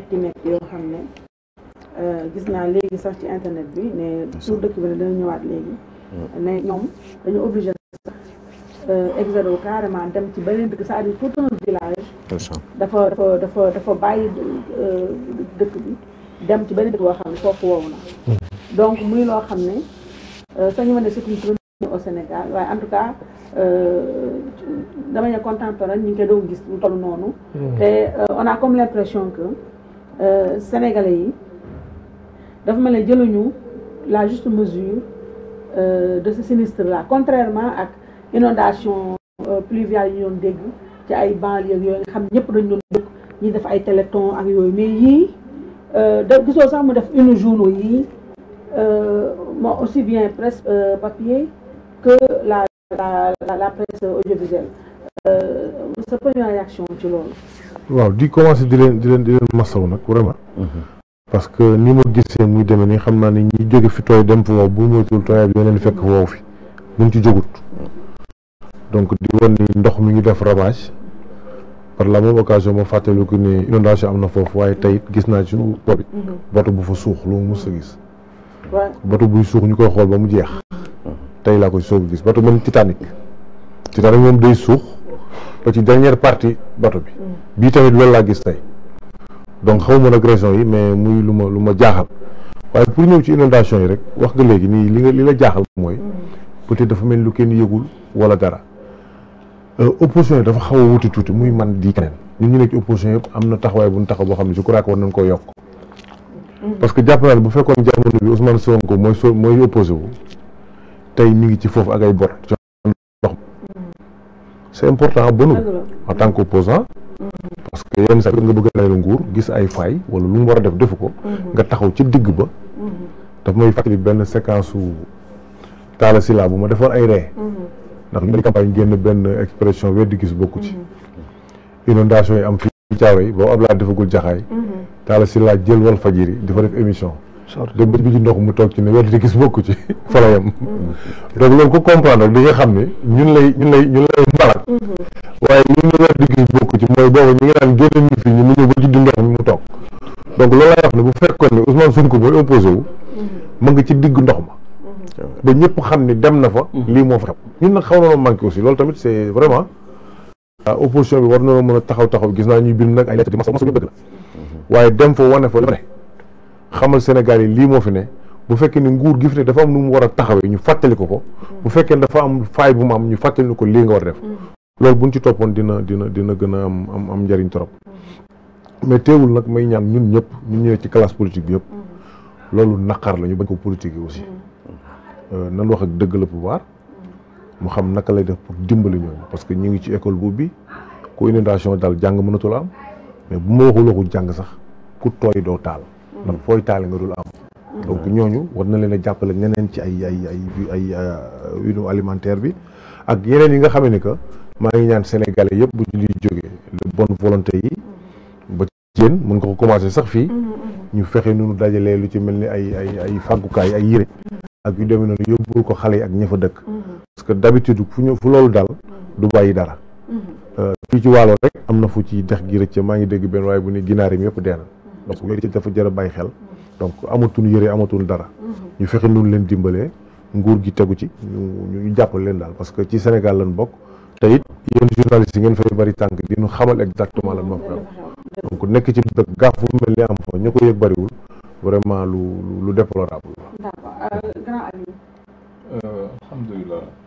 métti métti yoo xam ne euh, gis naa léegi sax ci internet bi ne pour dëkk bi dañu ñëwaat léegi hmm. ne ñoom dañu obligé sax euh, exode carrément dem ci beneen dëkk c'est-à-dire tout un village dafa dafa dafa dafa bàyyi euh, dëkk bi dem ci beneen dëkk boo xam ne foofu woowu na hmm. donc muy loo xam ne sañu ma ne c'est au Sénégal waaye en tout cas de manière contemporaine ñu ngi koy doon gis mu toll noonu hmm. te on a comme l'impression que euh, sénégalais yi dafa mel ne jëluñu la juste mesure euh, de ce sinistre là contrairement ak inondation euh, pluviale yi ñu dégg ci ay banlieue yooyu nga xam ñëpp dañu doon dëkk ñi def ay téléthon ak yoy mais yii da gisoo sax mu def une yi euh moo aussi bien presse papier que la la la presse audiovisuelle pas une réaction ci loolu waaw di commencé di leen di leen di leen masaw nag vraiment. Mhm. parce que ni ma gisee muy demee nii xam naa ni ñi jóge fi tooy dem foofu bu moytuwul tooyaay bi leen fekk foofu fi buñ ci jógut. donc di woon ni ndox mi ngi def ravage par la même occasion ma fàttaliku ko ni inondation am na foofu waaye tey gis naa ci boobi mhm. bateau bu fa suux lu mu mës a gis. bato buy suux ñu koy xool ba mu jeex. Mhm. tey laa koy soog a gis bateau mel Titanic. Titanic moom day suux. ba ci dernière partie bato bi mm. bii tamit loolu laa gis tey donc xaw ma nag yi mais muy lu ma lu ma jaaxal waaye pour ñëw ci inondation yi rek wax nga léegi nii li nga li la jaaxal mooy mm. peut-être dafa mel lu kenn yëgul wala dara euh, opposition yi dafa xaw a wuti tuuti muy man di keneen ñun ñu nekk ci yëpp am na taxawaay bu ñu taxaw boo xam ne su crois que war nañ koo yokk mm. parce que jàpp naa ne bu fekkoon jamono bi Ousmane Sonko mooy so mooy opposé wu tey mi ngi ci foofu ak ay bor c'est important nu en tant que opposant parce que yenn sax nga bëgg a lu nguur gis ay fay wala lu mu war def defu ko mhm. nga taxaw ci digg ba mhm. daf may fatali ben séquence su sila bu ma defoon ay ré mhm. ndax ni campagne génn ben expression weddi gis bokku ci inondation yi am fii Thiawé bo abla defagul jaxay tala sila jël wal fajiri di def émission dem ba ci ndox mu toog ci ne weddi gis bokku ci fa la donc loolu ko comprendre di nga xam ne ñun lay ñun lay ñun lay mbalak mhm. waaye ñun la weddi gis bokku ci mooy boobu ñu ngi naan génne nit fi ñu mu ñëw ba ci di ndox mi mu toog donc loolu lay wax ne bu fekkoon ne Ousmane Sonko mooy opposé wu mhm. ma nga ci digg ndox ma mhm. ba ñëpp xam ni dem na fa lii moo fa xam ñun nag xaw na manqué aussi loolu tamit c'est vraiment ah, opposition bi war na mën a taxaw taxaw gis naa ñuy bind nag ay lettre di mas mas dem fa wane ne xamal Sénégal yi lii moo fi ne bu fekkee ni nguur gi fi ne dafa am nu mu war a taxawee ñu fàttali ko ko bu fekkee ne dafa am faay bu mu am ñu fàttali ko lii nga war a def loolu buñ ci toppoon dina dina dina gën a am am am trop mais teewul nag may ñaan ñun ñëpp ñu ñëwee ci classe politique bi yëpp loolu naqar la ñu bañ ko politique yi aussi euh, nan wax ak dëgg la pouvoir mu xam naka lay def pour dimbali ñooñu parce que ñu ngi ci école boobu bi ku inondation daal jàng mënatul am mais bu ma waxul waxul jàng sax ku tooy doo taal Mm-hmm. ndax fooy taale nga dul am mm-hmm. donc ñooñu war na leen a jàppale ñeneen ci ay ay ay ay euh, union alimentaire bi ak yeneen yi nga xam ni que maa ngi ñaan sénégalais yëpp bu ñu di jógee les bonnes yi mm-hmm. ba ci yéen mën nga ko commencé sax fii ñu fexe nu nunu dajalee lu ci mel ni ay ay ay fàggukaay ay yére ak yu demee noonu yóbbul ko xale ak ña dëkk parce que d'habitude fu ñu fu loolu daal du bàyyi dara euh, fii ci wàllo rek am na fu ci dex gi rëcc maa ngi dégg benn waaye bu ni ginaar yi yëpp donc yooyu dafa jar bàyyi xel donc amatul yëre amatul dara ñu fexe nun leen dimbalee nguur gi tegu ci ñu ñu leen daal parce que ci Sénégal lan bokk te it yéen journalistes yi ngeen fay bari tànk di ñu xamal exactement lan moo xew donc nekk ci dëkk gaafu mel ni am fa ñu ko yëg bariwul vraiment lu lu déplorable la. d'accord euh,